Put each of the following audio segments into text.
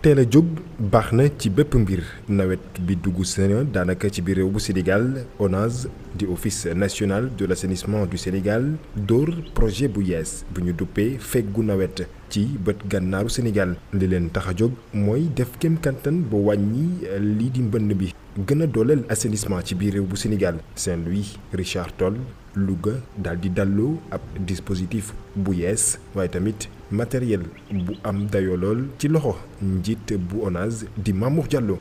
teel a jóg baax na ci bépp mbir nawet bi dugg sena daanaka ci biir réew bu Sénégal ONAS di office national de l'assainissement du Sénégal dóor projet bu yees bu ñu duppee feggu nawet ci bët gànnaaru Sénégal li leen tax a jóg mooy def kem kantan ba wàññi eh, lii di mbënn bi gën a dooleel assainissement ci biir réew bu Sénégal Saint-Louis Richard Toll Louga daal di dalloo ab dispositif bu yees waaye tamit matériel bu am dayo lool ci loxo njiit bu ONAS di Mamour Diallo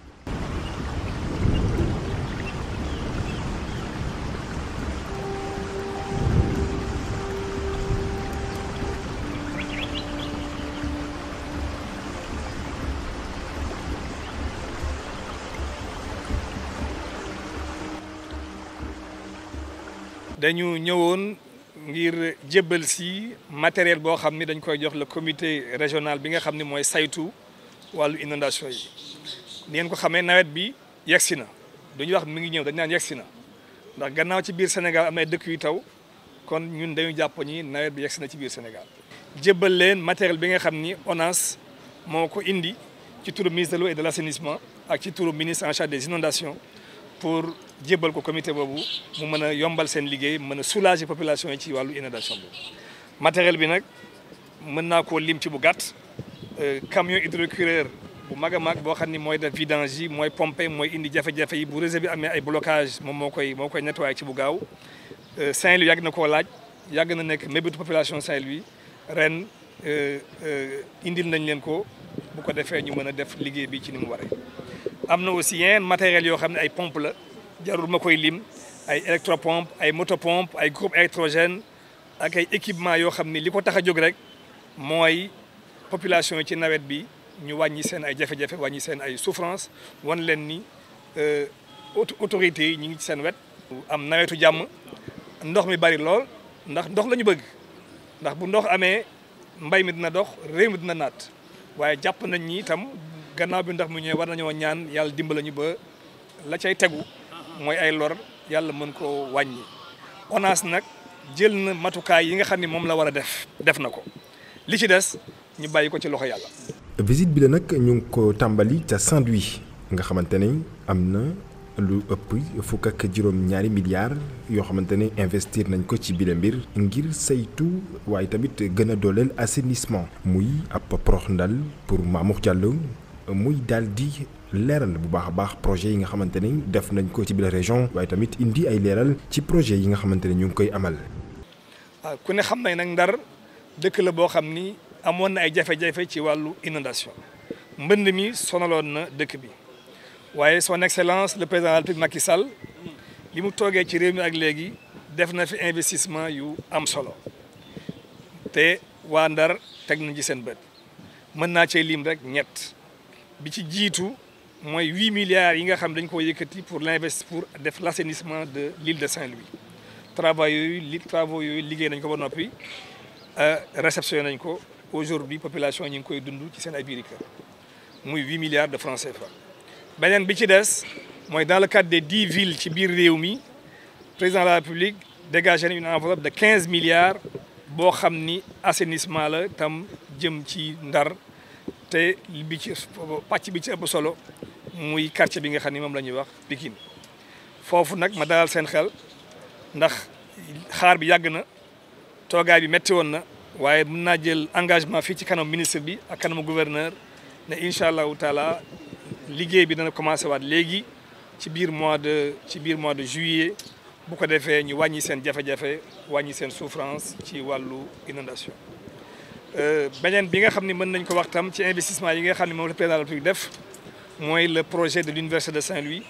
dañu ñëwoon ngir jébbal si matériel boo xam ni dañ koy jox le comité régional bi nga xam ni mooy saytu wàllu inondation yi ni ngeen ko xamee nawet bi yegsi na duñu wax mi ngi ñëw dañ naan yegsi na ndax gannaaw ci biir Sénégal am ay dëkk yu taw kon ñun dañu jàpp ni nawet bi yegsi na ci biir Sénégal jébbal leen matériel bi nga xam ni ONAS moo ko indi ci turu ministre de l'eau et de l'assainissement ak ci turu ministre en des inondations pour jébbal ko comité boobu mu mën a yombal seen liggéey mën a soulager population yi ci wàllu inondation boobu matériel bi nag mën naa ko lim ci bu gàtt euh, camion hydrocureur bu mag a mag boo xam ni mooy def vidange yi mooy pompe mooy indi jafe-jafe yi bu réseau bi amee ay blocage moom moo koy moo koy nettoyé ci bu gaaw euh, Saint-Louis yàgg na koo laaj yàgg na nekk mébétu population Saint-Louis ren euh, indil nañ leen ko bu ko defee ñu mën a def liggéey bi ci ni am na aussi yeneen matériels yoo xam ne ay pompe la jarul ma koy lim ay électropompe ay motopompe ay groupe électrogène ak ay équipement yoo xam ne li ko tax a jóg rek mooy population yi ci nawet bi ñu wàññi seen ay jafe-jafe wàññi seen ay souffrance wan leen ni euh, autorités yi ñu ngi ci seen wet am nawetu jàmm ndox mi bari lool ndax ndox lañu bëgg ndax bu ndox amee mbay mi dina dox réew mi dina naat waaye jàpp nañ ñi itam gannaaw bi ndax mu ñëwee war nañoo ñaan yàlla dimbala ñu ba la cay tegu mooy ay lor yàlla mën koo wàññi. ONAS nag jël na matukaay yi nga xam ne moom la war a def def na ko li ci des ñu bàyyi ko ci loxo yàlla. visite bi la nag ñu ngi ko tàmbali ca saint nga xamante ne am na lu ëpp fukk ak juróom ñaari milliards yoo xamante ne investir nañ ko ci bile mbir ngir saytu waaye tamit gën a dooleel assainissement muy ab prox ndal pour Mamour Diallo muy daal di leeral bu baax a baax projet yi nga xamante ni def nañ ko ci région waaye tamit indi ay leeral ci projet yi nga xamante ñu ngi koy amal. waaw ah, ku ne xam nañ nag ndar dëkk la boo xam ni amoon na ay jafe-jafe ci wàllu inondation mbënn mi sonaloon na dëkk bi waaye son excellence le président de la République Sall li mu toogee ci réew mi ak léegi def na fi investissement yu am solo te waa Ndar teg nañ seen bët mën naa cee lim rek ñett. bi ci jiitu mooy huit milliards yi nga xam dañ ko yëkkati pour l'invest pour def l'assainissement de l'île de Saint-Louis travaux yooyu li travaux yooyu liggéey nañ ko ba noppi euh, réception nañ ko aujourd'hui population ñu ngi koy dund ci seen ay biir kër muy huit milliards de francs CFA. beneen bi ci des mooy dans le cadre des dix ville ci biir réew mi président de la République dégagé na une enveloppe de quinze milliards boo xam ni assenissement la tam jëm ci Ndar. te bi ci pàcc bi ci ëpp solo muy quartier bi nga xam ne moom la ñuy wax Pikine foofu nag ma dalal seen xel ndax xaar bi yàgg na toogaay bi métti woon na waaye mun naa jël engagement fii ci kanam ministre bi ak kanamu gouverneur ne incha allahu taala liggéey bi dana commencé waat léegi ci biir mois de ci biir mois de juillet bu ko defee ñu wàññi seen jafe-jafe wàññi seen souffrance ci wàllu inondation Euh, beneen bi nga xam ne mën nañ ko waxtam tam ci investissement yi nga xam ne moom la président de la def mooy le projet de l'université de Saint-Louis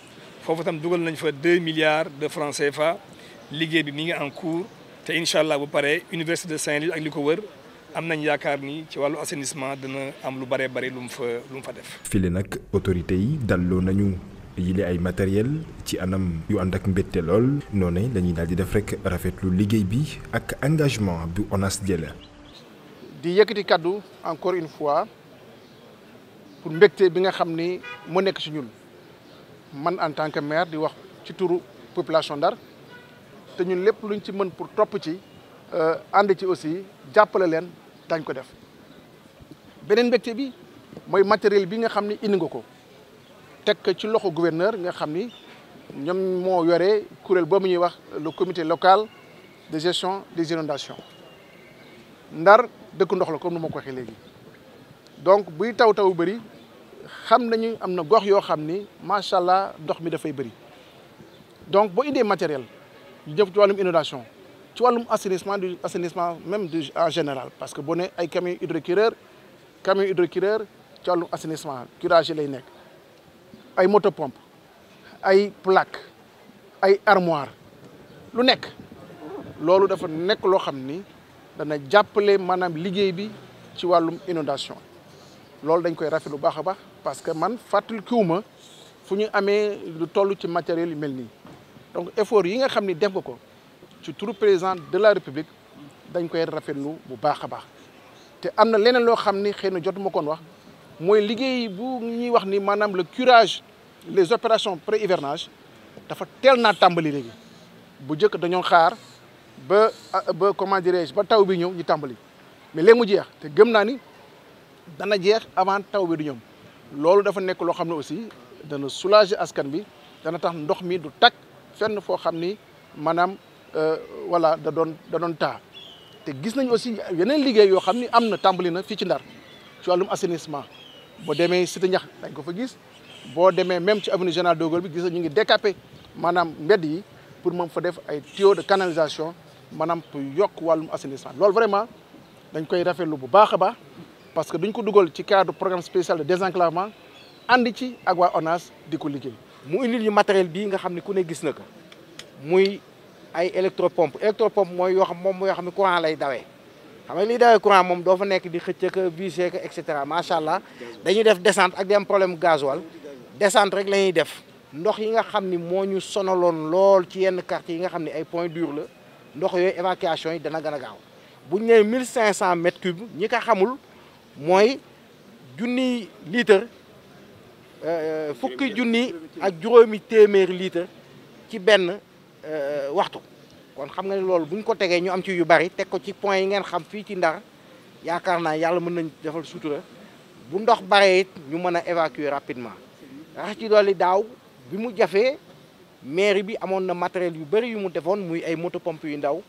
foofu tam dugal nañ fa deux milliards de francs fa liggéey bi mi ngi en cours te incha allah bu pare université de Saint-Louis ak li ko wër am nañ yaakaar ni ci wàllu assainissement dina am lu bare bare lu mu fa lu fa def. file nag autorité yi dalloo nañu yile ay matériel ci anam yu ànd ak mbette lool noonu la ñuy daal di def rek rafetlu liggéey bi ak engagement bu ONAS di yëkkati kàddu encore une fois pour mbégte bi nga xam ni moo nekk ci ñun man en tant que maire di wax ci turu population Ndar te ñun lépp luñ ci mën pour topp ci euh, ànd ci aussi jàppale leen dañ ko def beneen mbégte bi mooy matériel bi nga xam ni indi nga ko teg ci loxo gouverneur nga xam ni ñoom moo yore kuréel boobu ñuy wax le commité local de gestion des inondations ndar dëkk ndox la comme nu ma ko xee léegi donc buy taw taw bëri xam nañu am na gox yoo xam ni macha allah ndox mi dafay bëri donc boo indee matériel ñu jëf ci wàllum inondation ci wàllum assainissement du assainissement même du en général parce que bone ne ay camion hydrocureur camion hydrocureur ci wàllum assainissement curage yi lay nekk ay moto pompe ay plaque ay armoire lu nekk loolu dafa nekk loo xam ni dana jàppale maanaam liggéey bi ci wàllum inondation loolu dañ koy rafet lu baax a baax parce que man fàttali kiwuma fu ñu amee lu toll ci matériel yu mel nii donc effort yi nga xam ni def ko ci turu président de la république dañ koy rafetlu bu baax a baax te am na leneen loo xam ni xëy na jotuma kon wax mooy liggéey bu ñuy wax ni maanaam la curage les opérations pré hivernage dafa teel naa tàmbali léegi bu njëkk dañoo xaar ba ba comment dirais ba taw bi ñëw ñu tàmbali mais léegi mu jeex te gëm naa ni dana jeex avant taw bi du ñëw loolu dafa nekk loo xam ne aussi dana soulager askan bi dana tax ndox mi du tag fenn foo xam ni maanaam euh, voilà da doon da doon taa te gis nañ aussi yeneen liggéey yoo xam ni am na tàmbali na fii ci Ndar ci wàllum assainissement boo demee Cité ñax dañ ko fa gis boo demee même ci avenue Général de Gaulle bi gis nañ ñu ngi décaper maanaam mbedd yi pour moom fa def ay tuyaux de canalisation maanaam yokk wàllum assainissement lool vraiment dañ koy rafetlu bu baax a baax parce que dañ ko dugal ci cadre programme spécial de désenclavement ànd ci ak waa ONAS di ko liggéey. mu indil ñu matériel bii nga xam ne ku ne gis na ko muy ay électropompe électropompe mooy yoo xam moom mooy yoo xam ne courant lay dawee xam nga liy dawee courant moom doo fa nekk di xëcc ka visé ka et cetera macha allah dañuy def descente ak di am problème gasoil descente rek la ñuy def ndox yi nga xam ni moo ñu sonaloon lool ci yenn quartier yi nga xam ne ay points durs la. ndox yooyu évacuation yi dana gën a gaaw bu ñu nee mille cinq cent mètres ñi ka xamul mooy junniy litre euh, fukki junni ak juróomi téeméeri litre ci benn euh, waxtu kon xam nga ne loolu buñ ko tegee ñu am ci yu bari teg ko ci point yi ngeen xam fii ci Ndar yaakaar naa yàlla mën nañ defal sutura bu ndox baree it ñu mën a évacuer rapidement rax ci dolli daaw bi mu jafee mairie bi amoon na matériel yu bëri yu mu defoon muy ay moto pompe yu ndaw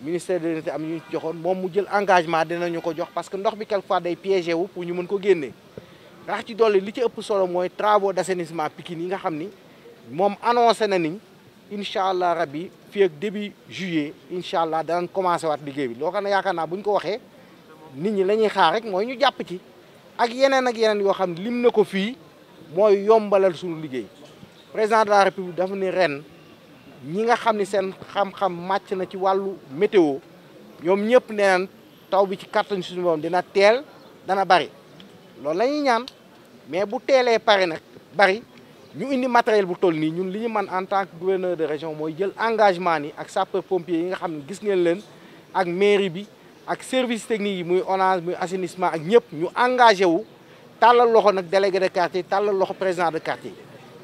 ministère de l'unité am ñu joxoon moom mu jël engagement dinañu ko jox parce que ndox bi quelque fois day piégé wu pour ñu mën ko génnee rax ci dolli li ci ëpp solo mooy travaux d'assainissement Pikine yi nga xam ni moom annoncé na niñ incha allah rabi fii ak début juillet incha allah danañ commencé waat liggéey bi loo xam ne yaakaar naa bu ko waxee nit ñi la ñuy xaar rek mooy ñu jàpp ci ak yeneen ak yeneen yoo xam ne lim na ko fii mooy yombalal suñu liggéey président de la république dafa ni ren ñi nga xam ni seen xam-xam màcc na ci wàllu météo ñoom ñëpp neneen taw bi ci kàttan suñu moom dina teel dana bari loolu la ñuy ñaan mais bu teelee pare nag bari ñu indi matériel bu toll nii ñun li ñu mën en tant que gouverneur de région mooy jël engagement ni ak sapeur pompier yi nga xam ne gis ngeen leen ak mairie bi ak service technique yi muy ONAS muy assainissement ak ñëpp ñu engagé wu tàllal loxo nag délégué de quartier tàllal loxo président de quartier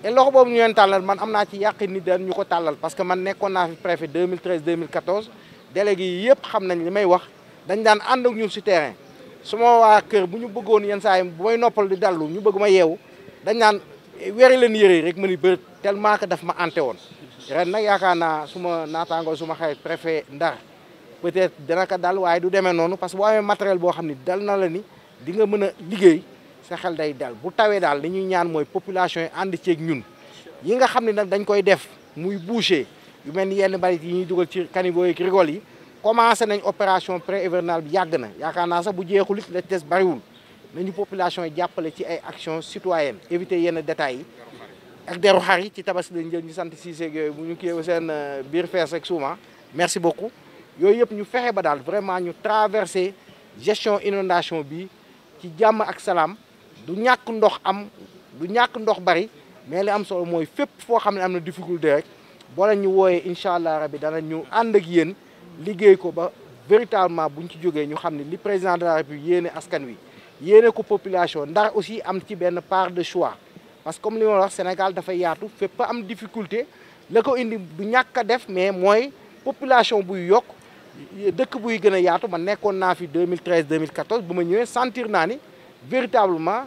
te loxo boobu ñu leen tàllal man am naa ci yàqi nit daan ñu ko tàllal parce que man nekkoon naa fi préfet 2013 2014 délégué yëpp xam nañ li may wax dañ daan ànd ak ñun si terrain su ma waa kër bu ñu bëggoon yenn saa yi bu may noppal di dallu ñu bëgg ma yeewu dañ naan eh, weri leen yëre yi rek ma ni bërët tellement que daf ma ante woon ren nag yaakaar naa su ma naataangoo su ma xarit préfet Ndar peut-être dana ko dal waaye du demee noonu parce que boo amee matériel boo xam ni dal na la ni mën a liggéey sa xel day dal bu tawee daal li ñuy ñaan mooy population yi ànd ceeg ñun yi nga xam ne nag dañ koy def muy boucher yu mel ni yenn mbalit yi ñuy dugal ci caniveau yi rigole yi commencé nañ opération pré hivernale bi yàgg na yaakaar naa sax bu jeexul it la des bariwul nañu population yi jàppale ci ay action citoyennes éviter yenn détails yi ak deru xar yi ci tabaski lañ jël ñu sant siiseeg yooyu bu ñu kii seen euh, biir fees ak souvent merci beaucoup yooyu yëpp ñu fexe ba daal vraiment ñu traverser gestion inondation bi ci jàmm ak salaam du ñàkk ndox am du ñàkk ndox bari mais li am solo mooy fépp foo xam ne am na difficulté rek boo leen ñu wooyee incha allah rabi dana ñu ànd ak yéen liggéey ko ba véritablement buñ ci jógee ñu xam ne li président de la république yéene askan wi yéene ko population Ndar aussi am ci benn part de choix parce que comme li ma wax Sénégal dafa yaatu fépp am difficulté la ko indi du ñàkk def mais mooy population buy yokk dëkk buy gën a yaatu man nekkoon naa fi 2013 2014 bu ma ñëwee sentir naa ni véritablement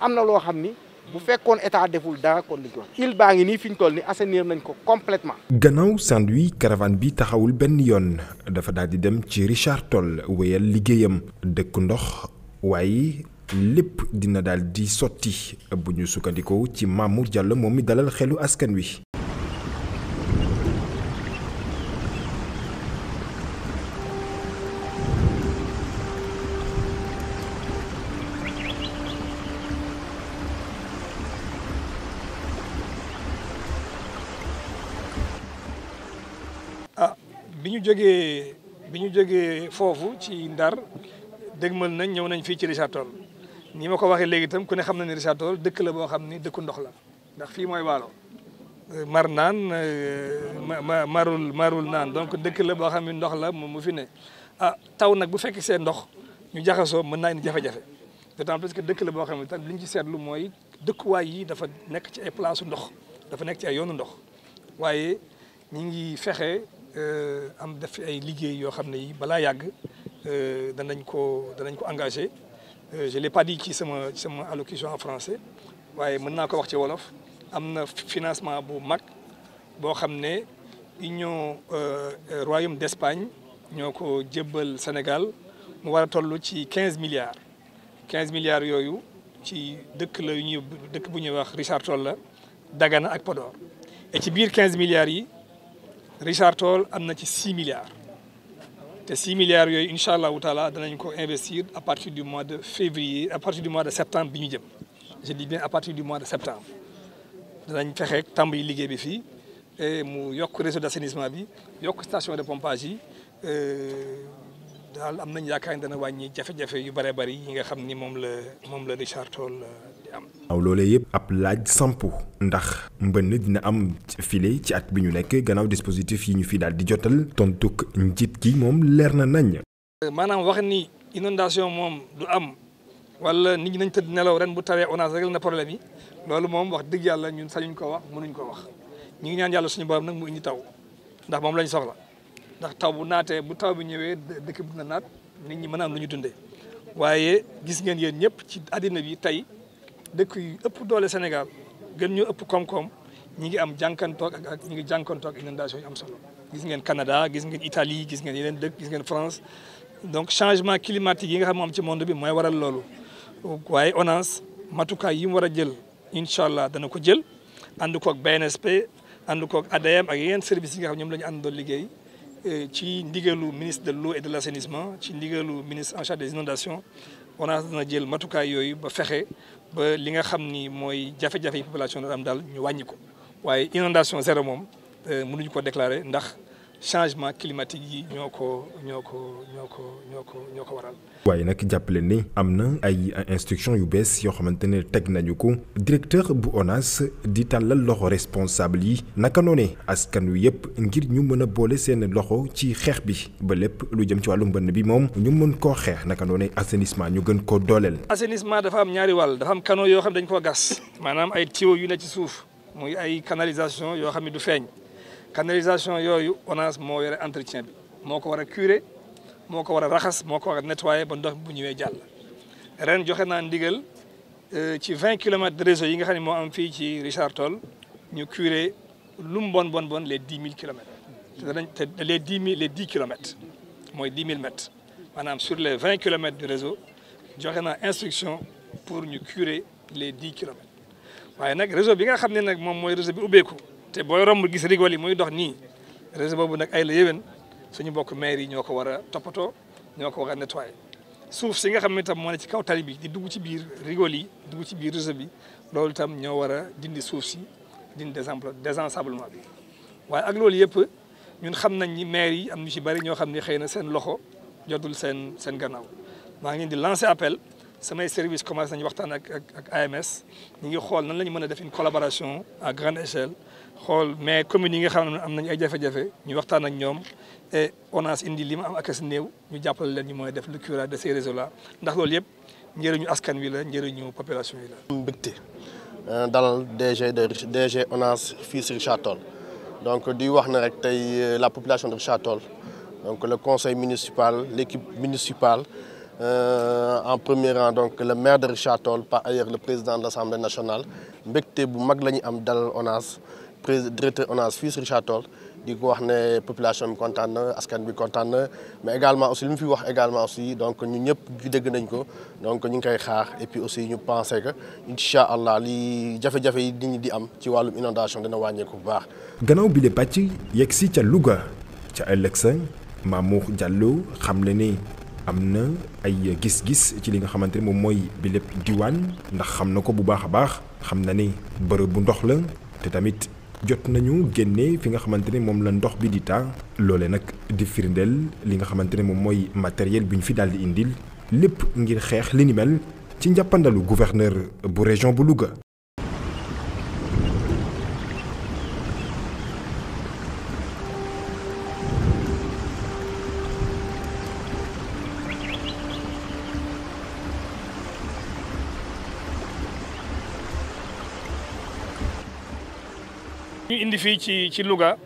am na loo xam ni bu fekkoon état deful dara kon ko wax il baa ngi nii fi ñu toll ni assainir nañ ko complètement gannaaw Saint-Louis caravane bi taxawul benn yoon dafa daal di dem ci Richard Toll wéyal liggéeyam dëkk ndox waaye lépp dina daal di sotti bu ñu sukkandikoo ci Mamour Diallo moom mi dalal xelu askan wi bi ñu jógee bi ñu jógee foofu ci Ndar dégmal nañ ñëw nañ fii ci Richard tool ni ma ko waxee léegi tam ku ne xam na ne Richard Toll dëkk la boo xam ni dëkku ndox la ndax fii mooy Waalo euh, mar naan euh, marul marul naan donc dëkk la boo xam ne ndox la mu fi ne ah taw nag bu fekk see ndox ñu jaxasoo mën naa indi jafe-jafe d'autant plus que dëkk la boo xam ne tam li ñu ci seetlu mooy dëkkuwaay yi dafa nekk ci ay place ndox dafa nekk ci ay yoonu ndox waaye ñi ngi fexe Euh, am def ay liggéey yoo xam ne yi balaa yàgg euh, danañ ko danañ ko engagé euh, je l'ai pas dit ci sama sama allocution en français waaye mën naa ko wax ci wolof am na financement bu mag boo xam ne union royaume d'Espagne ñoo ko jébbal Sénégal mu war a toll ci quinze milliards quinze milliards yooyu ci dëkk la yu ñuy dëkk bu ñuy wax Richard Toll la Dagana ak Podor et ci biir quinze milliards yi Richard Toll am na ci six milliards te six milliards yooyu incha allahu taala danañ ko investir à partir du mois de février à partir du mois de septembre bi ñu jëm je dis bien à partir du mois de septembre danañ fexe tàmbali liggéey bi fii et mu yokk réseau d' assainissement bi yokk station de pompage yi e daal am nañ yaakaar ne dana wàññi jafe-jafe yu bëree bari yi nga xam ni moom la moom la Richard Toll e, di am. aw loole yëpp ab laaj sampu ndax mbënn dina am file ci at bi ñu nekk gannaaw dispositif yi ñu fi daal di jotal tontuk njiit gi moom leer na nañ. maanaam wax ni inondation moom du am. wala nit ñi nañ tëdd nelaw ren bu tawee ONAS réglé na problème yi loolu moom wax dëgg yàlla ñun sañuñ ko wax mënuñ ko wax ñu ngi ñaan yàlla suñu borom nag mu indi taw ndax moom lañ soxla ndax taw bu naatee bu taw bi ñëwee dëkk bi dina naat nit ñi mën a am lu ñu dundee waaye gis ngeen yéen ñëpp ci àddina bi tey dëkk yu ëpp doole Sénégal gën ñu ëpp koom-koom ñi ngi am jànkantoog ak ak ñi ngi jànkantoog inondation am solo gis ngeen Canada gis ngeen Italie gis ngeen yeneen dëkk gis ngeen France donc changement climatique yi nga xam moom ci monde bi mooy waral loolu waaye ONAS matukaay yi mu war a jël incha allah dana ko jël ànd koog BNSP ànd koog ADM ak yeneen service yi nga xam ñoom la ñu àndandoo liggéey eh, ci ndigalu ministre de l'eau et de l'assainissement ci ndigalu ministre en charge des inondations ONAS dana jël matukaay yooyu ba fexe li nga xam ni mooy jafe-jafe yi population dana am daal ñu wàññi waaye inondation zéro moom euh, mënuñu ko déclarer ndax changement climatique yi ñoo ko ñoo ko ñoo ko ñoo ko ñoo ko waral. waaye nag jàppale ni am na ay instruction yu bees yoo xamante ne teg nañu ko directeur bu ONAS di tàllal loxo responsable yi naka noonee askan wi yëpp ngir ñu mën a boole seen loxo ci xeex bi ba lépp lu jëm ci wàllu mbënn bi moom ñu mën koo xeex naka noonee assainissement ñu gën koo dooleel. assainissement dafa am ñaari wàll dafa am canaux yoo xam dañ koo gas maanaam ay tuyaux yu ne ci suuf muy ay canalisation yoo xam ne du feeñ. canalisation yooyu ONAS moo yore entretien bi moo ko war a curé moo ko war a raxas moo ko war a nettoyé ba ndox bu ñëwee jàll ren joxe naa ndigal euh, ci vingt kilomètres de réseau yi nga xam ne moo am fii ci Richard Toll ñu curé lu mu bon bon bon les dix mille kilomètres te danañ te les dix mille les dix kilomètres mooy dix mille mètres maanaam les vingt kilomètres du réseau joxe naa instruction pour ñu curer les dix kilomètres waaye nag réseau bi nga xam ne nag moom mooy réseau bi ubbeeku te booy romb gis rigol yi muy dox nii réseau boobu nag ay la yéwén suñu bokk maire yi ñoo ko war a toppatoo ñoo ko war a nettoyer suuf si nga xam ne tam moo ne ci kaw tali bi di dugg ci biir rigol yi dugg ci biir réseau bi loolu tam ñoo war a dindi suuf si dindi désempl désensablement bi waaye ak loolu yëpp ñun xam nañ ni maire yi am ñu ci bari ñoo xam ne xëy na seen loxo jotul seen gannaaw maa ngi di lancer appel samay service commencé nañu waxtaan ak ak AMS ñu ngi xool nan la ñu mën a def une collaboration à grande xool mais communes yi nga xam ne am nañu ay jafe-jafe ñu waxtaan ak ñoom e ONAS indi li ma am ak as néew ñu jàppale leen ñu mooy def le curage de ces réseaux là ndax loolu yëpp njëriñu askan wi la njëriñu population yi la. mbégte euh, dalal DG de DG ONAS fii si Richard Toll donc di wax na rek tey euh, la population de Richard Toll donc le conseil municipal l' équipe municipale euh, en premier rang donc le maire de Richard Toll par ailleurs le président de l' assemblée nationale bu mag la ñu am dalal ONAS. président directeur ONAS fii si Richard Toll di ko wax ne population bi kontaan askan bi kontaan mais également aussi li mu fi wax également aussi donc ñu ñëpp dégg nañ ko donc ñu ngi koy xaar et aussi ñu pensé que incha allah li jafe-jafe yi nit di am ci wàllum inondation dina wàññeeku bu baax. gannaaw bi le pàcc yegg si ca Louga ca ëllëg sa Mamour Diallo xam le ni am na ay gis-gis ci li nga xamante ne moom mooy bi lépp diwaan ndax xam na ko bu baax a baax xam na ni bërëb bu ndox la te tamit. jot nañu génne fi nga xamante ne moom la ndox bi di taa loole nag di firndeel li nga xamante ne moom mooy matériel bi ñu fi daal di indil lépp ngir xeex li mel ci njàppandalu gouverneur bu région bu Louga. indi fii ci ci Louga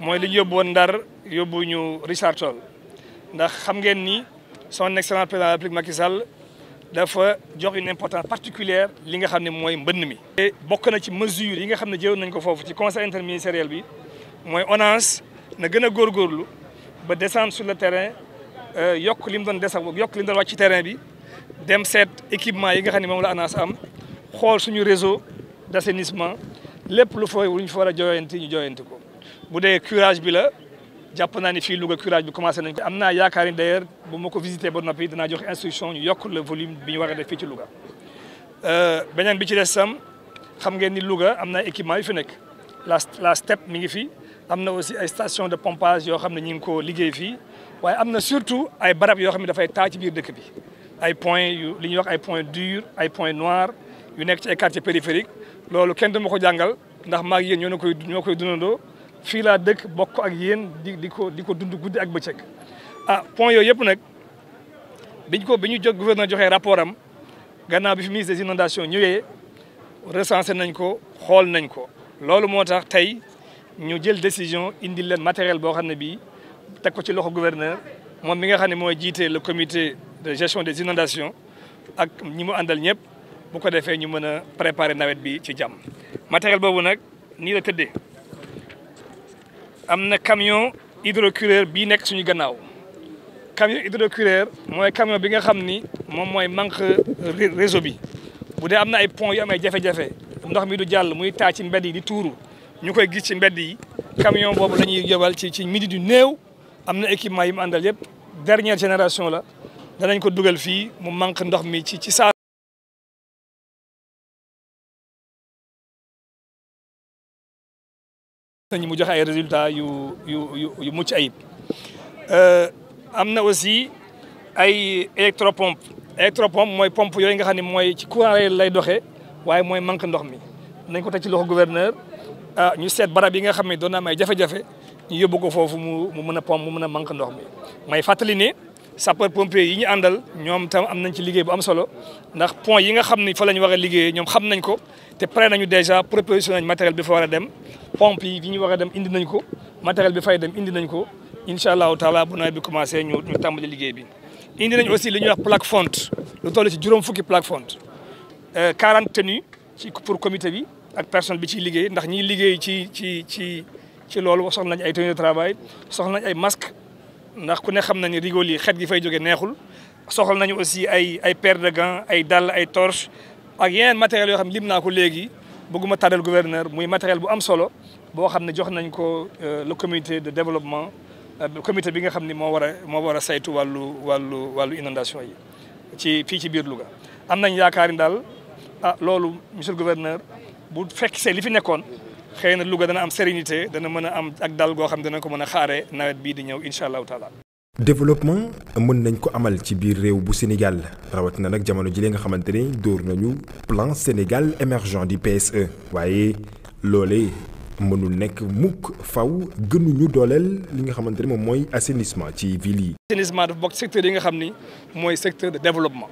mooy li ñu yóbbu woon Ndar yóbbu ñu Richard ndax xam ngeen ni son excellent président de la République Macky Sall dafa jox une importance particulière li nga xam ne mooy mbënn mi. te bokk na ci mesure yi nga xam ne jëwoon nañ ko foofu ci conseil interministériel bi mooy ONAS na gën a góor góorlu ba descendre sur le terrain euh, yokk li mu doon descendre yokk li mu doon wàcc ci terrain bi dem seet équipement yi nga xam ne moom la ONAS am xool suñu réseau d' lépp lu fa lu ñu fa war a jooyanti ñu jooyanti ko bu dee curage bi la jàpp naa ni fii Louga curage bi commencé nañ ko am naa yaakaar ni d'ailleurs bu ma ko visité ba noppi danaa jox instruction ñu yokk le volume bi ñu war a def fii ci Louga euh, beneen bi ci des sam xam ngeen ni Louga am na équipement yu fi nekk la la STEP mi ngi fi am na aussi ay station de pompage yoo xam ne ñu ngi ko liggéey fii waaye am na surtout ay barab yoo xam ne dafay taa ci biir dëkk bi ay point yu ñuy wax ay point dur ay point noir yu nekk ci ay quartier périphérique loolu kenn dama ko jàngal ndax maa ngi yéen ñoo koy ñoo koy dundandoo fii laa dëkk bokk ak yéen di di ko di ko dund guddi ak bëccëg. ah point yooyu yëpp nag biñ ko bi ñu jóg gouverneur joxee rapport am gannaaw bi fi ministre des inondations ñëwee recensé nañ ko xool nañ ko. loolu moo tax tey ñu jël décision indi leen matériel boo xam ne bii teg ko ci loxo gouverneur moom bi nga xam ne mooy jiite le comité de gestion des inondations ak ñi mu àndal ñëpp. bu ko defee ñu mën a préparer nawet bi ci jàmm matériel boobu nag nii la tëddee am na camion hydrocureur bii nekk suñu gannaaw camion hydrocureur mooy camion bi nga xam ni moom mooy manque réseau bi bu dee am na ay pont yu am ay jafe-jafe ndox mi du jàll muy taa ci mbedd yi di tuuru ñu koy gis ci mbedd yi camion boobu lañuy ñuy ci ci midi du néew am na équipement yi mu àndal yëpp dernière génération la danañ ko dugal fii mu manque ndox mi ci nañu mu joxe ay résultats yu yu yu yu mucc ayib euh, am na aussi ay électropompe électropompe mooy pompe yooyu nga xam ne mooy ci courant lay doxee waaye mooy manque ndox mi nañ ko teg ci loxo guverneur ah ñu seet barab yi nga xam ne doon na am ay jafe-jafe ñu yóbbu ko foofu mu mu mën a pompe mu mën a manque ndox mi may fàttali sapper pompier yi ñu àndal ñoom tam am nañ ci liggéey bu am solo ndax pont yi nga xam ni fa la ñu war a liggéeyee ñoom xam nañ ko te pare nañu dèjà proposition nañ matériel bi fa war dem pompe yi yi ñu war dem indi nañ ko matériel bi fay dem indi nañ ko incha allahu taala bu naa bi commencé ñu ñu tàmbali liggéey bi. indi nañ aussi li ñuy wax plaque font lu toll ci juróom fukki plaque fonte 40 euh, tenues ci pour comité bi ak personne bi ciy liggéey ndax ñiy liggéey ci ci ci ci loolu soxla nañ ay tenues de travail nañ ay masques. ndax ku ne xam na ni rigole yi xet gi fay jóge neexul soxal nañu aussi ay ay paire de gants ay dàll ay torche ak yeneen matériels yoo xam ne lim naa ko léegi bëgguma tàddal gouverneur muy matériel bu am solo boo xam ne jox nañ ko euh, le communité de développement euh, comité bi nga xam ni moo war a moo war a saytu wàllu wàllu wàllu inondation yi ci fii ci biir Louga am nañ yaakaar ni daal ah loolu monsieur le gouverneur bu fekk see li fi nekkoon xëy na Louga dana am sérénité dana mën a am ak dal goo xam dana ko mën a xaare nawet bii di ñëw incha allahu taala développement mën nañ ko amal ci biir réew bu Sénégal rawat na nag jamono ji li nga xamante ne dóor nañu plan Sénégal émergent di PSE waaye loole mënul nekk mukk faw gënuñu dooleel li nga xamante ne moom mooy assainissement ci ville yi assainissement dafa bokk secteur yi nga xam ni mooy secteur de développement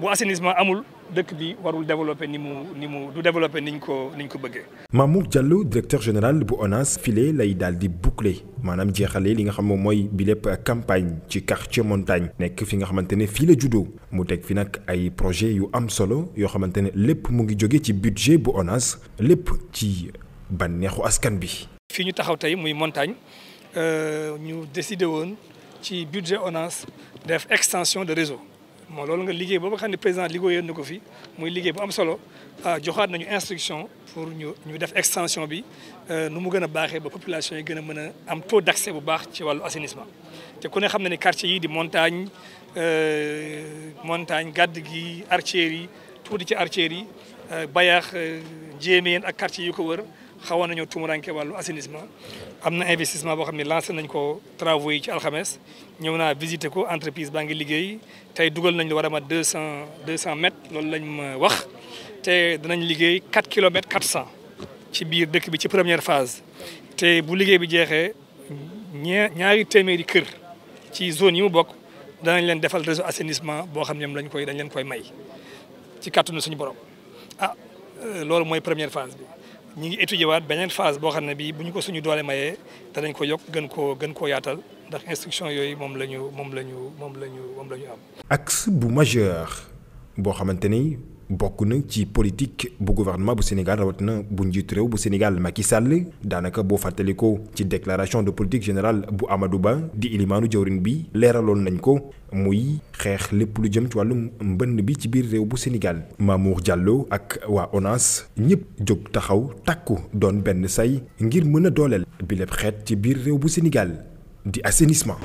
bu assainissement amul dëkk bi warul développé ni mu ni mu du développé niñ ko niñ ko bëggee. Mamour Diallo directeur général bu ONAS file lay daal di boucler maanaam jeexalee li nga xam moom mooy bi lépp campagne ci quartier montagne nekk fi nga xamante ne fii la juddoo mu teg fi nag ay projet yu am solo yoo xamante ne lépp mu ngi jóge ci budget bu ONAS lépp ci bànneexu askan bi. fii ñu taxaw tey muy montagne euh, ñu décidé woon ci budget ONAS def extension de réseau. moo loolu nga liggéey booba nga xam ne président liggéeyoon na ko fi muy liggéey bu am solo ah, joxaat nañu instruction pour ñu ñu def extension bi euh, nu mu gën a baaxee ba population yi gën a mën a am taux d'accès bu baax ci wàllu assainissement te ku ne xam na ne quartier yi di montagne euh, montagne gàdd gi artières yi tuuti ci artières yi euh, bayax jéemeen ak quartier yi ko wër xawoon nañoo tumuranke wàllu assainissement am na investissement boo xam ne lancé nañ ko travaux yi ci alxames ñëw naa visité ko entreprise baa ngi liggéey tey dugal nañ lu war a mat deux cent deux cent mètres loolu lañ ma wax te danañ liggéey quatre kilomètres quatre cent ci biir dëkk bi ci première phase te bu liggéey bi jeexee ñaari téeméeri kër ci zone yi mu bokk danañ leen defal réseau assainissement boo xam ne ñoom lañ koy dañ leen koy may ci kàttanu suñu borom ah euh, loolu mooy première phase bi ñi ngi étudier waat beneen phase boo xam ne bii bu ñu ko suñu doole mayee danañ ko yokk gën koo gën koo yaatal ndax instruction yooyu moom la ñu moom la ñu moom la ñu moom la ñu am. axe bu majeur boo xamante ni. bokk na ci politique bu gouvernement bu Sénégal rawatina bu njiit réew bu Sénégal Macky daanaka boo fàttalikoo ci déclaration de politique général bu amadu Ba di ilimaanu jawrin bi leeraloon nañ ko muy xeex lépp lu jëm ci wàllum mbënn bi ci biir réew bu Sénégal Mamour jàlloo ak waa ONAS ñëpp jóg taxaw takku doon benn say ngir mën a dooleel bi xeet ci biir réew bu Sénégal di assainissement